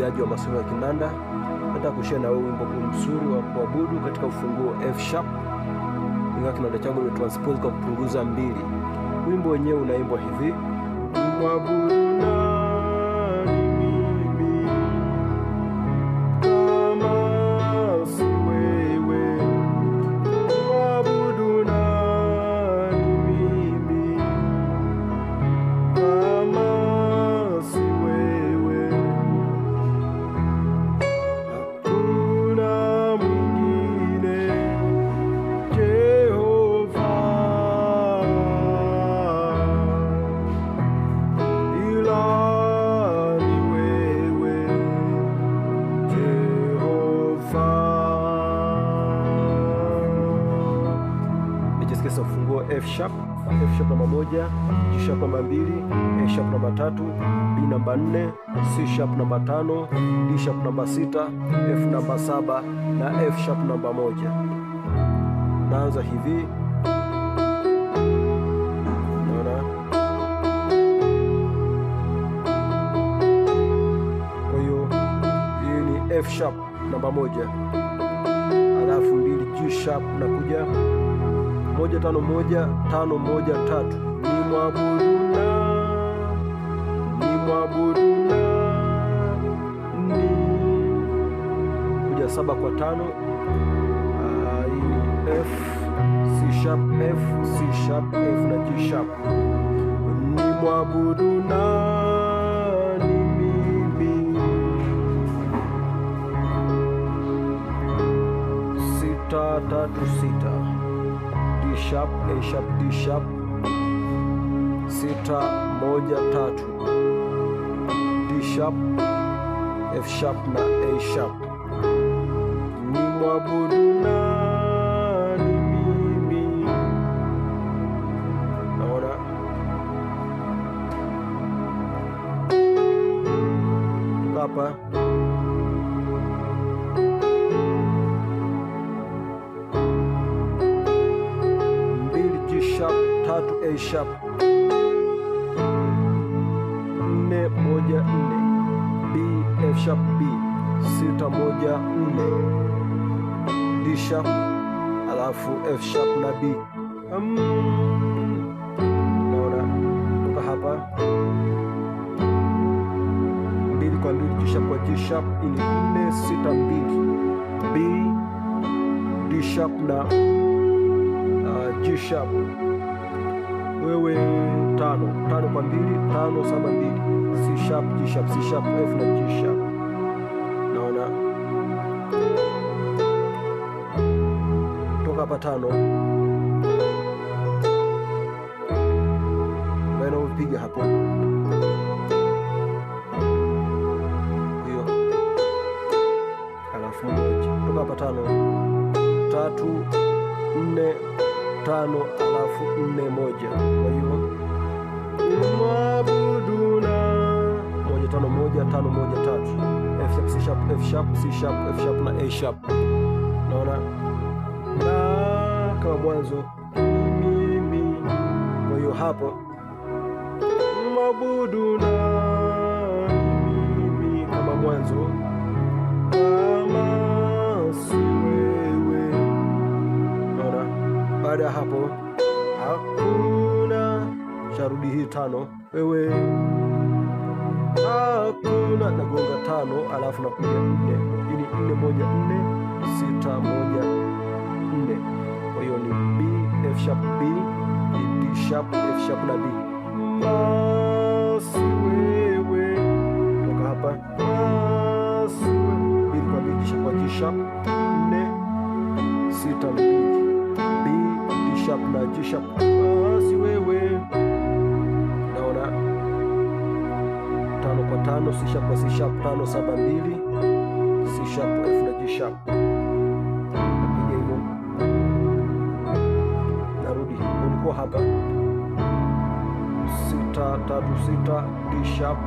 uigiaji wa masomo ya kinanda. Nataka kushare na wewe wimbo huu mzuri wa kuabudu katika ufunguo F sharp, ingawa kinanda changu ni transpose kwa kupunguza mbili. Wimbo wenyewe unaimbwa hivi: Mwabudu F sharp F sharp namba moja, G sharp namba mbili, A sharp namba tatu, B namba nne, C sharp namba tano, D sharp namba sita, F namba saba na F sharp namba moja. Naanza hivi naona. Kwa hiyo hii ni F sharp namba moja, alafu mbili G sharp na kuja moja tano moja tano moja tatu. Ni mwabuduna, ni mwabuduna, ni kuja saba kwa tano hii F C sharp F C sharp F na G sharp. Ni mwabuduna tatu si sharp, A sharp, D sharp, sita moja tatu, D sharp, F sharp na A sharp. Ni mwabudu nani mimi? Naona sharp nne moja nne B F sharp B sita moja nne D sharp alafu F sharp na B. Naona toka hapa mbili kwa mbili, G sharp kwa G sharp ini nne sita mbili B D sharp na uh, G sharp wewe tano tano kwa mbili tano saba mbili C sharp G sharp C sharp F na G sharp. Naona toka hapa tano napiga hapo hiyo, halafu toka hapa tano tatu nne tano alafu nne moja. Kwa hiyo mabuduna moja tano moja tano moja tatu F sharp C sharp F sharp C sharp F sharp na A sharp. Naona na kama mwanzo mimi. Kwa hiyo hapo mabuduna Baada ya hapo hakuna, sharudi hii tano, wewe hakuna, nagonga tano, alafu nakuja nne. Hii ni nne moja nne sita moja nne, kwa hiyo ni B F sharp B D sharp F sharp na B. Basi wewe toka hapa, basi wewe ili kwa B sharp kwa G sharp kujitisha basi wewe, naona tano kwa tano, C sharp kwa C sharp, tano saba mbili, C sharp F na G sharp, napiga hivyo, narudi ulikuwa hapa, sita tatu sita, D sharp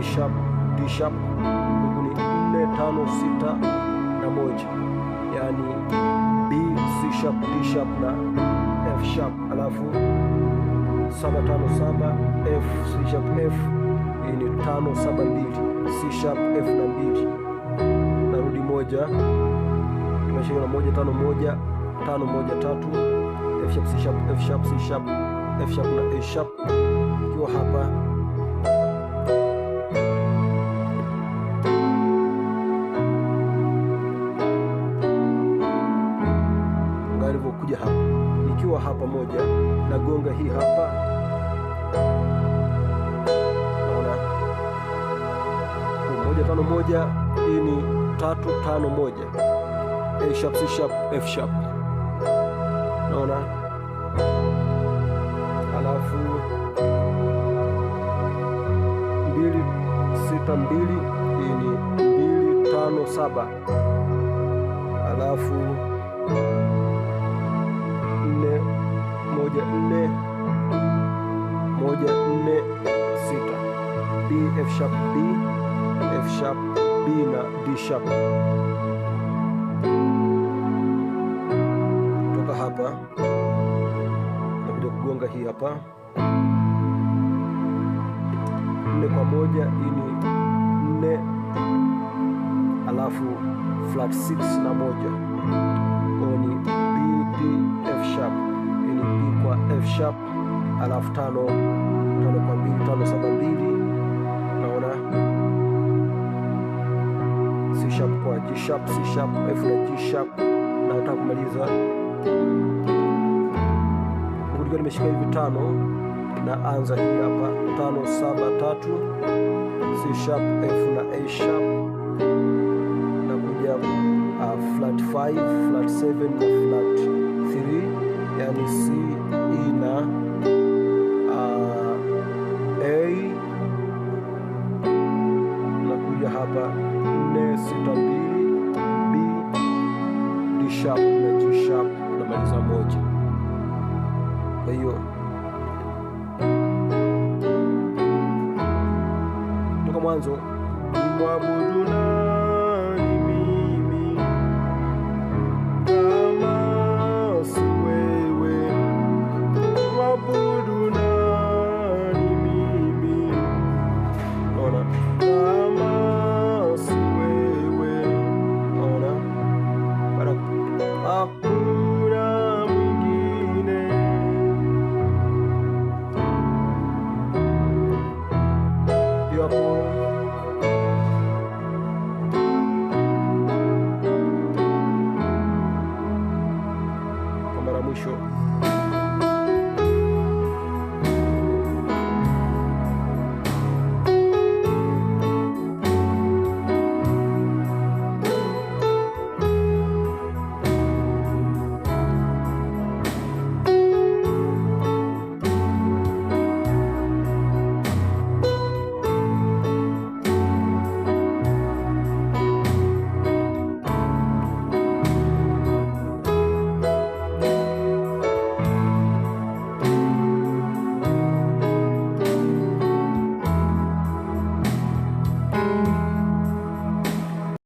A sharp D sharp, huku ni nne tano sita na moja, yaani B C sharp D sharp na sharp alafu saba F C sharp F. tano saba mbili C sharp F na mbili, narudi moja, tumeshika na moja tano moja tano moja tatu F sharp C sharp F sharp C sharp F sharp na A sharp, ikiwa hapa kuwa hapa moja na gonga hii hapa naona moja tano moja hii ni tatu tano moja A sharp, C sharp, F sharp naona alafu mbili sita mbili hii ni mbili tano saba alafu B, F sharp B, F sharp B na D sharp. Toka hapa nakuja kugonga hii hapa nne kwa moja, hii ni nne, alafu flat 6 na moja, kwa ni B, D, F sharp, hii ni B kwa F sharp, alafu tano tano kwa mbili, tano saba mbili sharp kwa G sharp, C sharp, F na G sharp na nataka kumaliza kulika, nimeshika hivi tano na anza hii hapa tano saba tatu C sharp, F na A sharp na kuja uh, flat 5 flat 7 na flat 3 yani C E na mwanzo mwabudu nani mimi kama si wewe mwabudu nani mimi ona kama si wewe ona para hakuna mwingine you